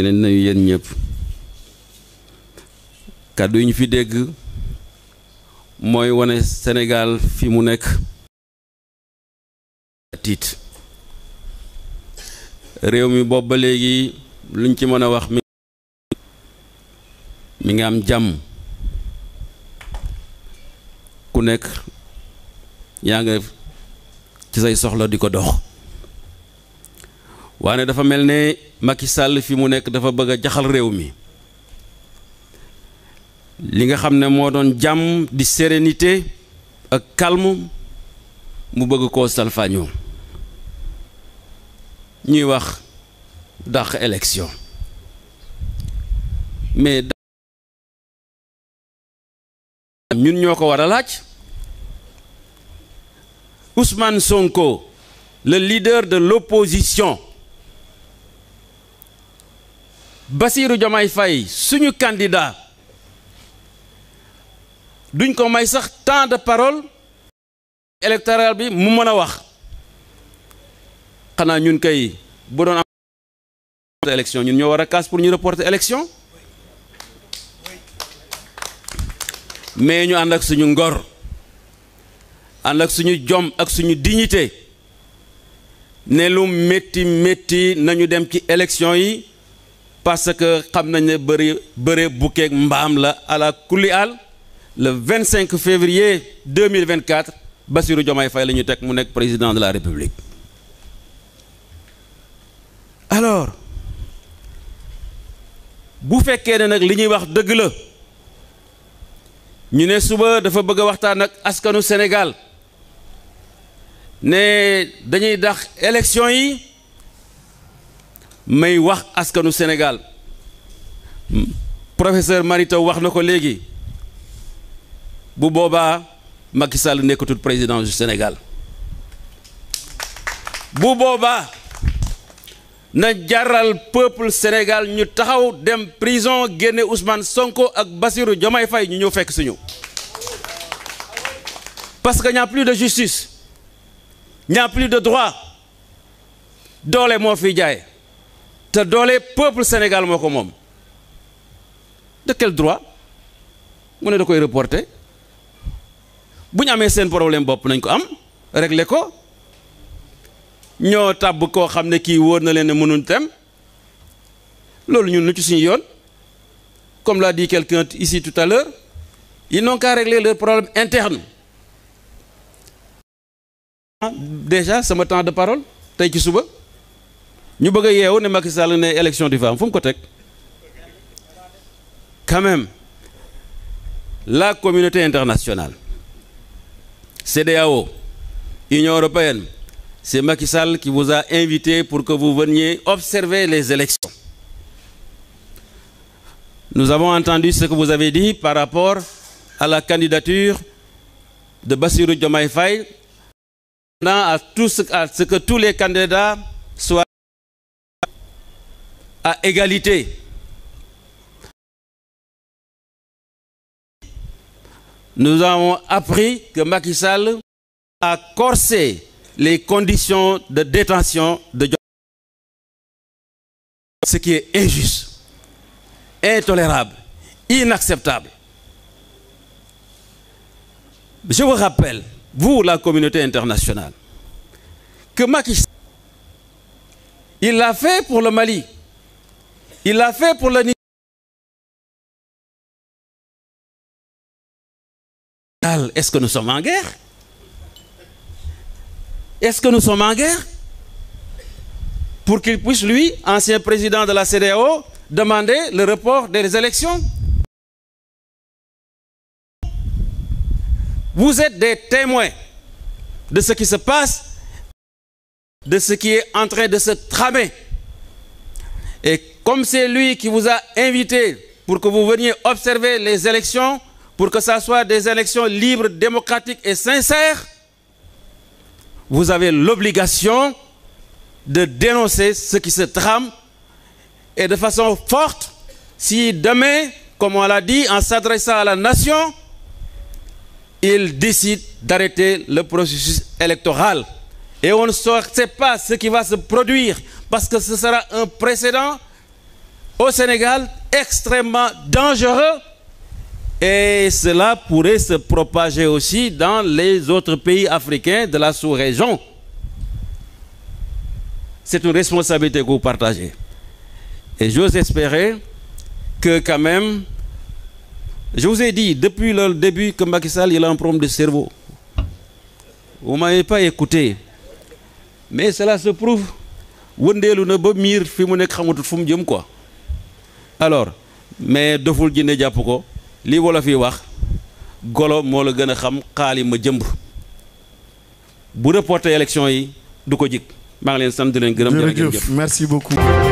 ngi leen nuyu yéen ñëpp kàddu yi ñu fi dégg mooy wane Sénégal fi mu nekk tiit réew mi boobu ba léegi luñ ci mën a wax mi mi ngi am jàmm ku nekk yaa nga ci say soxla di ko dox waane dafa mel ne Macky sàll fi mu nekk dafa bëgg jaxal réew mi li nga xam ne moo doon jàmm di sérénité ak calme mu bëgg koo salfaañoo ñuy wax dàq élection mais ñun ñoo ko war a laaj Ousmane Sonko le leader de l'opposition Bassirou Diomaye fay suñu candidat duñ ko may sax temps de parole électoral bi mu mën a wax xanaa ñun kay bu doon am élection ñun ñoo war a kaas pour ñu reporter élection mais ñu ànd ak suñu ngor ànd ak suñu jom ak suñu dignité ne lu métti métti nañu dem ci élection yi parce que xam nañu ne bëri bëre bukkeeg mbaam la ala kulli àll le 25 février 2024 Bassirou Diomaye Faye la ñu teg mu nekk président de la République alors bu fekkee ne nag li ñuy wax dëgg la ñu ne suba dafa bëgg waxtaan ak askanu Sénégal ne dañuy dax élection yi may wax askanu Sénégal professeur Mary wax na ko léegi bu boobaa Macky Sall nekkatul président du Sénégal bu boobaa na jaral peuple Sénégal ñu taxaw dem prison génne Ousmane Sonko ak Bassirou Diomaye Faye ñu ñëw fekk suñu parce que ñaa plus de justice ñaa plus de droit doole moo fi jaay te doole peuple Sénégal moo ko moom de quel droit mu ne da koy reporter bu amee seen problème bopp nañ ko am régler ko ñoo tàbb koo xam ne kii wóor na leen ne mënuñ tem loolu ñun lu si suñu yoon comme l'a dit quelqu'un ici tout à l'heure ils n'ont qu'à régler leur problème interne déjà sama temps de parole tey ci suba ñu bëgg a yeewu ne Macky Sall ne élection di fa am fu quand même la communauté internationale CEDEAO Union européenne c'est Macky Sall qui vous a invité pour que vous veniez observer les élections nous avons entendu ce que vous avez dit par rapport à la candidature de Bassirou Diomaye Faye à tout ce, à ce que tous les candidats soient à égalité nous avons appris que Macky Sall a corsé les conditions de détention de Diomaye ce qui est injuste intolérable inacceptable je vous rappelle vous la communauté internationale que Macky il l'a fait pour le Mali Il l'a fait que nous sommes en guerre est que nous sommes en guerre Pour qu'il puisse, lui, ancien président de la CDAO, demander le report des élections Vous êtes des témoins de ce qui se passe, de ce qui est en train de se tramer. Et comme c'est lui qui vous a invité pour que vous veniez observer les élections, pour que ça soit des élections libres, démocratiques et sincères, vous avez l'obligation de dénoncer ce qui se trame et de façon forte, si demain, comme on l'a dit, en s'adressant à la nation, il décide d'arrêter le processus électoral. Et on ne sait pas ce qui va se produire parce que ce sera un précédent au Sénégal extrêmement dangereux et cela pourrait se propager aussi dans les autres pays africains de la sous-région. C'est une responsabilité que vous partagez. Et j'ose espérer que quand même, je vous ai dit depuis le début que Macky Sall il a un problème de cerveau. Vous m'avez pas écouté. Mais cela se prouve wëndeelu na ba miir fi mu nekk xamatul fu mu jëm quoi. alors mais doful jinne jàpp ko li wolof yi wax golo moo la gën a xam xaali ma jëmb bu reporté élection yi du ko jig maa ngi leen sant di leen gërëm jërëjëf merci beaucoup